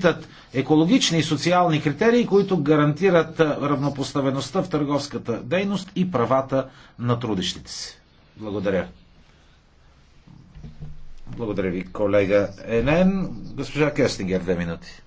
питат екологични и социални критерии, които гарантират равнопоставеността в търговската дейност и правата на трудещите си. Благодаря. Благодаря ви, колега Енен. Госпожа Кестингер, две минути.